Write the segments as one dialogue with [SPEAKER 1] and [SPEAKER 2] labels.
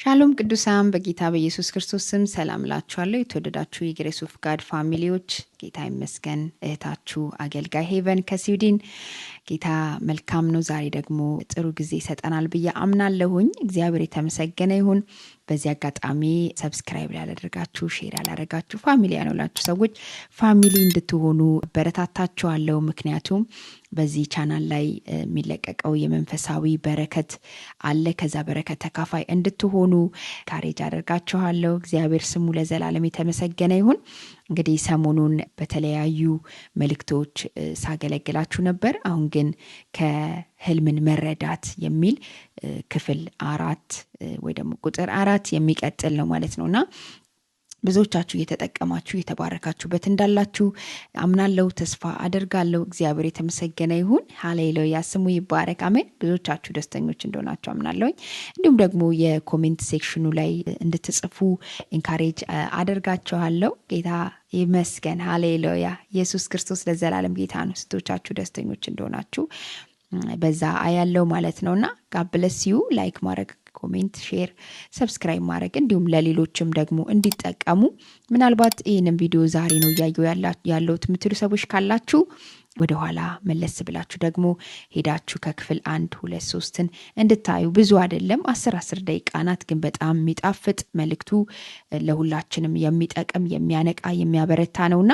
[SPEAKER 1] ሻሎም ቅዱሳን በጌታ በኢየሱስ ክርስቶስ ስም ሰላም ላችኋለሁ። የተወደዳችሁ የግሬስ ኦፍ ጋድ ፋሚሊዎች ጌታ ይመስገን። እህታችሁ አገልጋይ ሄቨን ከስዊድን ጌታ መልካም ነው። ዛሬ ደግሞ ጥሩ ጊዜ ይሰጠናል ብዬ አምናለሁኝ። እግዚአብሔር የተመሰገነ ይሁን። በዚህ አጋጣሚ ሰብስክራይብ ላላደርጋችሁ፣ ሼር ያላደረጋችሁ ፋሚሊ ያኖላችሁ ሰዎች ፋሚሊ እንድትሆኑ በረታታችኋለሁ። ምክንያቱም በዚህ ቻናል ላይ የሚለቀቀው የመንፈሳዊ በረከት አለ። ከዛ በረከት ተካፋይ እንድትሆኑ ካሬጅ አደርጋችኋለሁ። እግዚአብሔር ስሙ ለዘላለም የተመሰገነ ይሁን። እንግዲህ ሰሞኑን በተለያዩ መልእክቶች ሳገለግላችሁ ነበር። አሁን ግን ከህልምን መረዳት የሚል ክፍል አራት ወይ ደግሞ ቁጥር አራት የሚቀጥል ነው ማለት ነው እና ብዙዎቻችሁ እየተጠቀማችሁ እየተባረካችሁበት እንዳላችሁ አምናለው፣ ተስፋ አደርጋለው። እግዚአብሔር የተመሰገነ ይሁን። ሀሌሉያ ስሙ ይባረክ። አሜን። ብዙዎቻችሁ ደስተኞች እንደሆናችሁ አምናለውኝ። እንዲሁም ደግሞ የኮሜንት ሴክሽኑ ላይ እንድትጽፉ ኢንካሬጅ አደርጋችኋለው። ጌታ ይመስገን። ሀሌሉያ ኢየሱስ ክርስቶስ ለዘላለም ጌታ ነው። ስቶቻችሁ ደስተኞች እንደሆናችሁ በዛ አያለው ማለት ነውና ጋብለስ ዩ ላይክ ማድረግ ኮሜንት፣ ሼር፣ ሰብስክራይብ ማድረግ እንዲሁም ለሌሎችም ደግሞ እንዲጠቀሙ ምናልባት ይህንን ቪዲዮ ዛሬ ነው እያየው ያለሁት የምትሉ ሰዎች ካላችሁ ወደኋላ መለስ ብላችሁ ደግሞ ሄዳችሁ ከክፍል አንድ ሁለት ሶስትን እንድታዩ ብዙ አይደለም አስር አስር ደቂቃ ናት፣ ግን በጣም የሚጣፍጥ መልእክቱ ለሁላችንም የሚጠቅም የሚያነቃ የሚያበረታ ነውና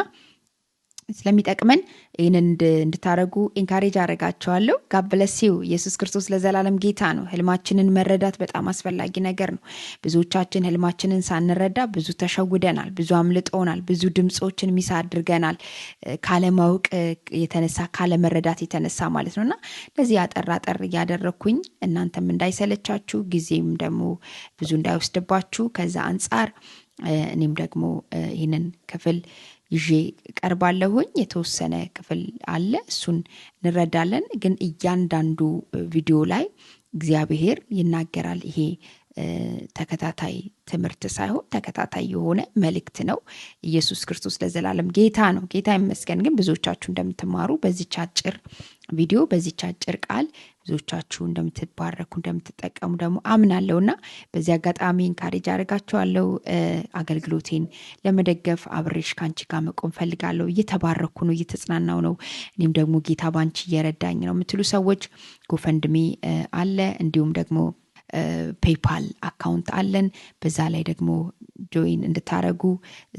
[SPEAKER 1] ስለሚጠቅመን ይህንን እንድታደረጉ ኢንካሬጅ አደረጋቸዋለሁ። ጋብለሲው ኢየሱስ ክርስቶስ ለዘላለም ጌታ ነው። ህልማችንን መረዳት በጣም አስፈላጊ ነገር ነው። ብዙዎቻችን ህልማችንን ሳንረዳ ብዙ ተሸውደናል፣ ብዙ አምልጦናል፣ ብዙ ድምፆችን ሚስ አድርገናል። ካለማወቅ የተነሳ ካለመረዳት የተነሳ ማለት ነው እና ለዚህ አጠር አጠር እያደረግኩኝ እናንተም እንዳይሰለቻችሁ ጊዜም ደግሞ ብዙ እንዳይወስድባችሁ ከዛ አንጻር እኔም ደግሞ ይህንን ክፍል ይዤ ቀርባለሁኝ። የተወሰነ ክፍል አለ እሱን እንረዳለን። ግን እያንዳንዱ ቪዲዮ ላይ እግዚአብሔር ይናገራል። ይሄ ተከታታይ ትምህርት ሳይሆን ተከታታይ የሆነ መልእክት ነው። ኢየሱስ ክርስቶስ ለዘላለም ጌታ ነው። ጌታ ይመስገን። ግን ብዙዎቻችሁ እንደምትማሩ በዚች አጭር ቪዲዮ በዚች አጭር ቃል ብዙዎቻችሁ እንደምትባረኩ እንደምትጠቀሙ ደግሞ አምናለሁ እና በዚህ አጋጣሚ እንካሬጅ አደርጋችኋለሁ። አገልግሎቴን ለመደገፍ አብሬሽ ከአንቺ ጋር መቆም ፈልጋለሁ። እየተባረኩ ነው፣ እየተጽናናው ነው፣ እኔም ደግሞ ጌታ ባንቺ እየረዳኝ ነው የምትሉ ሰዎች ጎፈንድሜ አለ እንዲሁም ደግሞ ፔፓል አካውንት አለን። በዛ ላይ ደግሞ ጆይን እንድታረጉ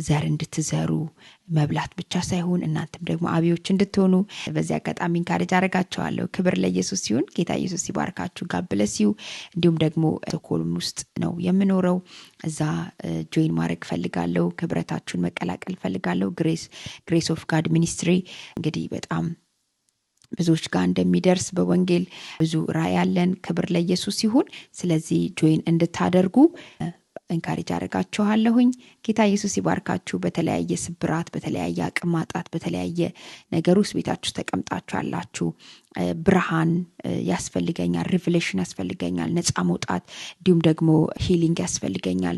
[SPEAKER 1] ዘር እንድትዘሩ መብላት ብቻ ሳይሆን እናንተም ደግሞ አብዮች እንድትሆኑ በዚህ አጋጣሚ እንካሬጅ አረጋቸዋለሁ። ክብር ለኢየሱስ ሲሆን ጌታ ኢየሱስ ይባርካችሁ፣ ጋብለሲዩ። እንዲሁም ደግሞ ስቶክሆልም ውስጥ ነው የምኖረው። እዛ ጆይን ማድረግ ፈልጋለሁ። ክብረታችሁን መቀላቀል ፈልጋለሁ። ግሬስ ኦፍ ጋድ ሚኒስትሪ እንግዲህ በጣም ብዙዎች ጋር እንደሚደርስ በወንጌል ብዙ ራዕይ ያለን ክብር ለኢየሱስ ሲሆን፣ ስለዚህ ጆይን እንድታደርጉ እንካሬጅ አደርጋችኋለሁኝ። ጌታ ኢየሱስ ይባርካችሁ። በተለያየ ስብራት፣ በተለያየ አቅም ማጣት፣ በተለያየ ነገር ውስጥ ቤታችሁ ተቀምጣችሁ ብርሃን ያስፈልገኛል፣ ሪቨሌሽን ያስፈልገኛል፣ ነፃ መውጣት እንዲሁም ደግሞ ሂሊንግ ያስፈልገኛል፣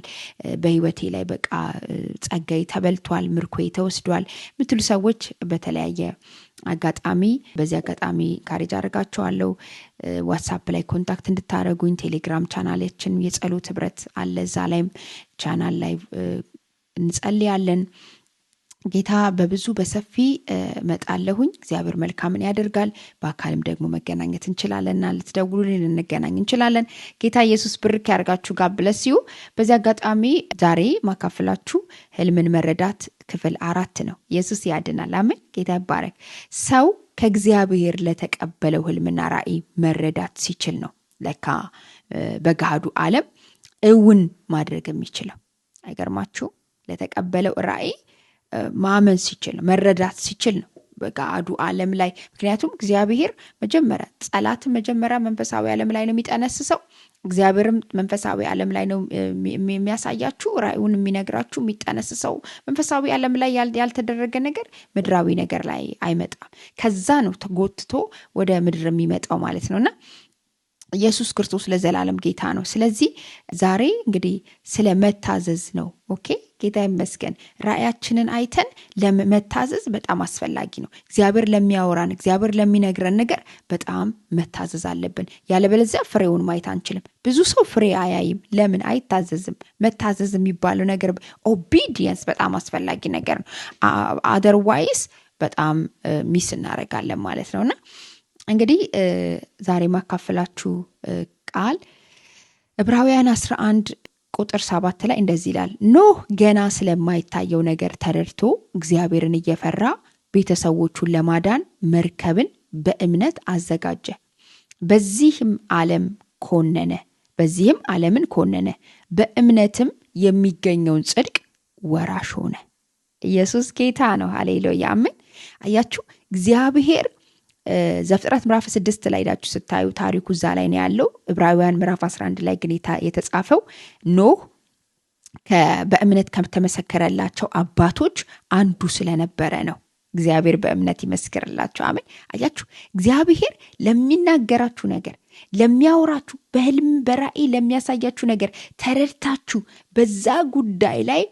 [SPEAKER 1] በህይወቴ ላይ በቃ ጸጋዬ ተበልቷል፣ ምርኮዬ ተወስዷል የምትሉ ሰዎች በተለያየ አጋጣሚ በዚህ አጋጣሚ ካሬጅ አደርጋቸዋለሁ። ዋትሳፕ ላይ ኮንታክት እንድታደረጉኝ፣ ቴሌግራም ቻናላችን የጸሎት ህብረት አለ። እዛ ላይም ቻናል ላይ እንጸልያለን። ጌታ በብዙ በሰፊ መጣለሁኝ። እግዚአብሔር መልካምን ያደርጋል። በአካልም ደግሞ መገናኘት እንችላለንና ልትደውሉልን እንገናኝ እንችላለን። ጌታ ኢየሱስ ብርክ ያደርጋችሁ ጋር ብለስ ዩ። በዚህ አጋጣሚ ዛሬ ማካፍላችሁ ህልምን መረዳት ክፍል አራት ነው። ኢየሱስ ያድናል። አሜን። ጌታ ይባረክ። ሰው ከእግዚአብሔር ለተቀበለው ህልምና ራእይ መረዳት ሲችል ነው ለካ በጋዱ ዓለም እውን ማድረግ የሚችለው አይገርማችሁ። ለተቀበለው ራእይ ማመን ሲችል ነው፣ መረዳት ሲችል ነው በጋዱ አለም ላይ ምክንያቱም እግዚአብሔር መጀመሪያ ጸላትን መጀመሪያ መንፈሳዊ አለም ላይ ነው የሚጠነስሰው። እግዚአብሔርም መንፈሳዊ አለም ላይ ነው የሚያሳያችሁ፣ ራእዩን የሚነግራችሁ። የሚጠነስሰው መንፈሳዊ አለም ላይ ያልተደረገ ነገር ምድራዊ ነገር ላይ አይመጣም። ከዛ ነው ተጎትቶ ወደ ምድር የሚመጣው ማለት ነው እና ኢየሱስ ክርስቶስ ለዘላለም ጌታ ነው። ስለዚህ ዛሬ እንግዲህ ስለ መታዘዝ ነው። ኦኬ ጌታ ይመስገን። ራእያችንን አይተን ለመታዘዝ በጣም አስፈላጊ ነው። እግዚአብሔር ለሚያወራን እግዚአብሔር ለሚነግረን ነገር በጣም መታዘዝ አለብን። ያለበለዚያ ፍሬውን ማየት አንችልም። ብዙ ሰው ፍሬ አያይም። ለምን? አይታዘዝም። መታዘዝ የሚባለው ነገር ኦቢዲየንስ በጣም አስፈላጊ ነገር ነው። አደርዋይስ በጣም ሚስ እናደርጋለን ማለት ነውና እንግዲህ ዛሬ ማካፈላችሁ ቃል ዕብራውያን 11 ቁጥር ሰባት ላይ እንደዚህ ይላል። ኖህ ገና ስለማይታየው ነገር ተረድቶ እግዚአብሔርን እየፈራ ቤተሰቦቹን ለማዳን መርከብን በእምነት አዘጋጀ። በዚህም ዓለም ኮነነ በዚህም ዓለምን ኮነነ፣ በእምነትም የሚገኘውን ጽድቅ ወራሽ ሆነ። ኢየሱስ ጌታ ነው። ሃሌሉያ አሜን። አያችሁ እግዚአብሔር ዘፍጥረት ምዕራፍ ስድስት ላይ ዳችሁ ስታዩ ታሪኩ እዛ ላይ ነው ያለው። ዕብራውያን ምዕራፍ 11 ላይ ግን የተጻፈው ኖህ በእምነት ከተመሰከረላቸው አባቶች አንዱ ስለነበረ ነው። እግዚአብሔር በእምነት ይመስክርላቸው። አሜን። አያችሁ፣ እግዚአብሔር ለሚናገራችሁ ነገር፣ ለሚያወራችሁ፣ በህልም በራእይ ለሚያሳያችሁ ነገር ተረድታችሁ በዛ ጉዳይ ላይ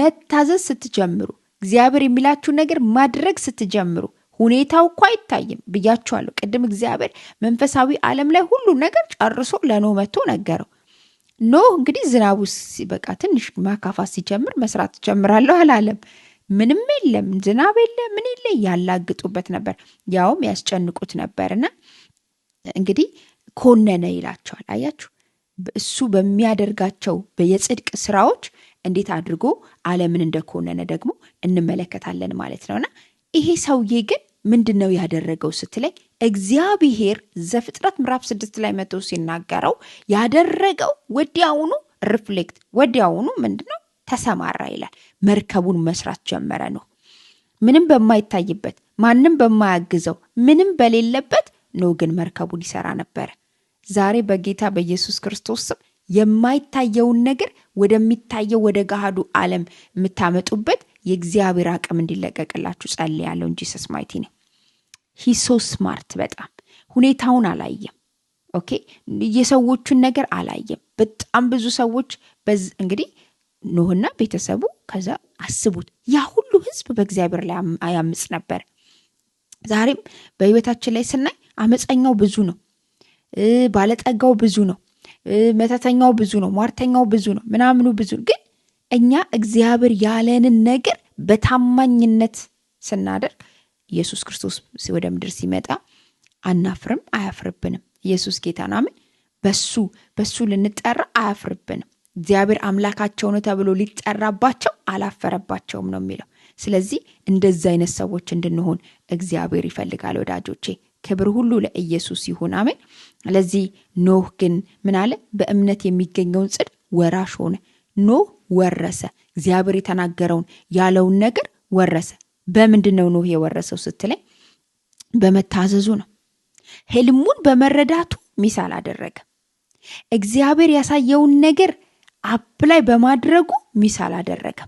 [SPEAKER 1] መታዘዝ ስትጀምሩ፣ እግዚአብሔር የሚላችሁን ነገር ማድረግ ስትጀምሩ ሁኔታው እኮ አይታይም ብያቸዋለሁ። ቅድም እግዚአብሔር መንፈሳዊ ዓለም ላይ ሁሉን ነገር ጨርሶ ለኖ መጥቶ ነገረው። ኖ እንግዲህ ዝናቡ በቃ ትንሽ ማካፋት ሲጀምር መስራት ጀምራለሁ አላለም። ምንም የለም፣ ዝናብ የለ፣ ምን የለ፣ ያላግጡበት ነበር፣ ያውም ያስጨንቁት ነበርና እንግዲህ ኮነነ ይላቸዋል። አያችሁ እሱ በሚያደርጋቸው የጽድቅ ስራዎች እንዴት አድርጎ ዓለምን እንደኮነነ ደግሞ እንመለከታለን ማለት ነውና ይሄ ሰውዬ ግን ምንድን ነው ያደረገው ስትለኝ እግዚአብሔር ዘፍጥረት ምዕራፍ ስድስት ላይ መቶ ሲናገረው ያደረገው ወዲያውኑ ሪፍሌክት ወዲያውኑ ምንድን ነው ተሰማራ ይላል። መርከቡን መስራት ጀመረ ነው። ምንም በማይታይበት ማንም በማያግዘው ምንም በሌለበት ኖ ግን መርከቡን ይሰራ ነበረ። ዛሬ በጌታ በኢየሱስ ክርስቶስ ስም የማይታየውን ነገር ወደሚታየው ወደ ገሃዱ ዓለም የምታመጡበት የእግዚአብሔር አቅም እንዲለቀቅላችሁ ያለው እንጂ ሰስማይቲ ማይቲ ነው ሂሶ ስማርት በጣም ሁኔታውን አላየም። ኦኬ የሰዎቹን ነገር አላየም። በጣም ብዙ ሰዎች እንግዲህ ኖህና ቤተሰቡ ከዛ አስቡት፣ ያ ሁሉ ህዝብ በእግዚአብሔር ላይ አያምፅ ነበር። ዛሬም በህይወታችን ላይ ስናይ አመፀኛው ብዙ ነው፣ ባለጠጋው ብዙ ነው፣ መተተኛው ብዙ ነው፣ ሟርተኛው ብዙ ነው፣ ምናምኑ ብዙ ግን እኛ እግዚአብሔር ያለንን ነገር በታማኝነት ስናደርግ ኢየሱስ ክርስቶስ ወደ ምድር ሲመጣ አናፍርም፣ አያፍርብንም። ኢየሱስ ጌታ ነው። በሱ በሱ ልንጠራ አያፍርብንም። እግዚአብሔር አምላካቸው ነው ተብሎ ሊጠራባቸው አላፈረባቸውም ነው የሚለው። ስለዚህ እንደዚህ አይነት ሰዎች እንድንሆን እግዚአብሔር ይፈልጋል ወዳጆቼ። ክብር ሁሉ ለኢየሱስ ይሁን፣ አሜን። ለዚህ ኖህ ግን ምን አለ? በእምነት የሚገኘውን ጽድቅ ወራሽ ሆነ። ኖህ ወረሰ። እግዚአብሔር የተናገረውን ያለውን ነገር ወረሰ። በምንድን ነው ኖህ የወረሰው ስትለኝ፣ በመታዘዙ ነው። ህልሙን በመረዳቱ ሚሳል አደረገ። እግዚአብሔር ያሳየውን ነገር አፕላይ በማድረጉ ሚሳል አደረገ።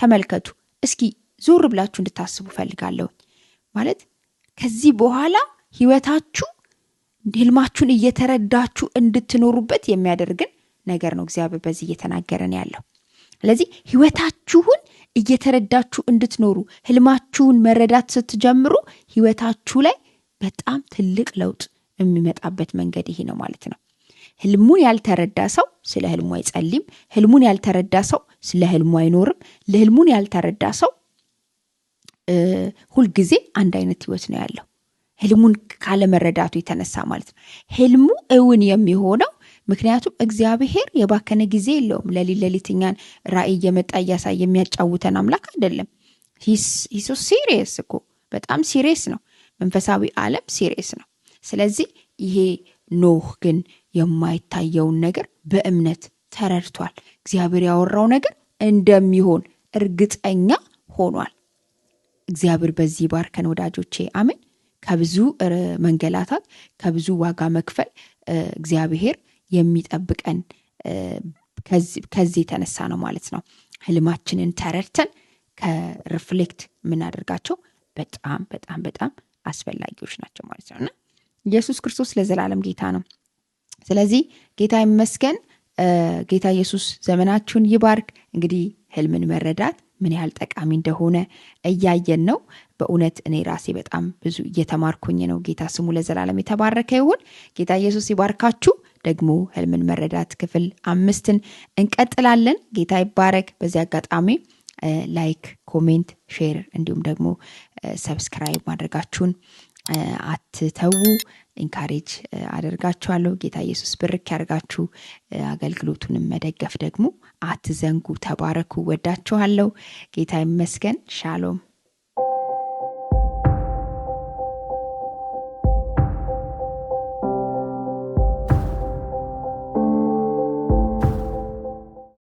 [SPEAKER 1] ተመልከቱ እስኪ ዞር ብላችሁ እንድታስቡ ፈልጋለሁ። ማለት ከዚህ በኋላ ህይወታችሁ ህልማችሁን እየተረዳችሁ እንድትኖሩበት የሚያደርግን ነገር ነው እግዚአብሔር በዚህ እየተናገረን ያለው። ስለዚህ ህይወታችሁን እየተረዳችሁ እንድትኖሩ ህልማችሁን መረዳት ስትጀምሩ ህይወታችሁ ላይ በጣም ትልቅ ለውጥ የሚመጣበት መንገድ ይሄ ነው ማለት ነው። ህልሙን ያልተረዳ ሰው ስለ ህልሙ አይጸልም ህልሙን ያልተረዳ ሰው ስለ ህልሙ አይኖርም። ለህልሙን ያልተረዳ ሰው ሁልጊዜ አንድ አይነት ህይወት ነው ያለው። ህልሙን ካለመረዳቱ የተነሳ ማለት ነው። ህልሙ እውን የሚሆነው ምክንያቱም እግዚአብሔር የባከነ ጊዜ የለውም። ለሊት ለሊትኛን ራእይ እየመጣ እያሳየ የሚያጫውተን አምላክ አይደለም። ሂሶ ሲሪየስ እኮ በጣም ሲሪየስ ነው። መንፈሳዊ ዓለም ሲሪየስ ነው። ስለዚህ ይሄ ኖህ ግን የማይታየውን ነገር በእምነት ተረድቷል። እግዚአብሔር ያወራው ነገር እንደሚሆን እርግጠኛ ሆኗል። እግዚአብሔር በዚህ ባርከን ወዳጆቼ፣ አሜን። ከብዙ መንገላታት፣ ከብዙ ዋጋ መክፈል እግዚአብሔር የሚጠብቀን ከዚህ የተነሳ ነው ማለት ነው። ህልማችንን ተረድተን ከሪፍሌክት የምናደርጋቸው በጣም በጣም በጣም አስፈላጊዎች ናቸው ማለት ነው እና ኢየሱስ ክርስቶስ ለዘላለም ጌታ ነው። ስለዚህ ጌታ ይመስገን። ጌታ ኢየሱስ ዘመናችሁን ይባርክ። እንግዲህ ህልምን መረዳት ምን ያህል ጠቃሚ እንደሆነ እያየን ነው። በእውነት እኔ ራሴ በጣም ብዙ እየተማርኩኝ ነው። ጌታ ስሙ ለዘላለም የተባረከ ይሁን። ጌታ ኢየሱስ ይባርካችሁ። ደግሞ ህልምን መረዳት ክፍል አምስትን እንቀጥላለን። ጌታ ይባረክ። በዚህ አጋጣሚ ላይክ፣ ኮሜንት፣ ሼር እንዲሁም ደግሞ ሰብስክራይብ ማድረጋችሁን አትተዉ። ኢንካሬጅ አደርጋችኋለሁ። ጌታ ኢየሱስ ብርክ ያደርጋችሁ። አገልግሎቱንም መደገፍ ደግሞ አትዘንጉ። ተባረኩ። ወዳችኋለሁ። ጌታ ይመስገን። ሻሎም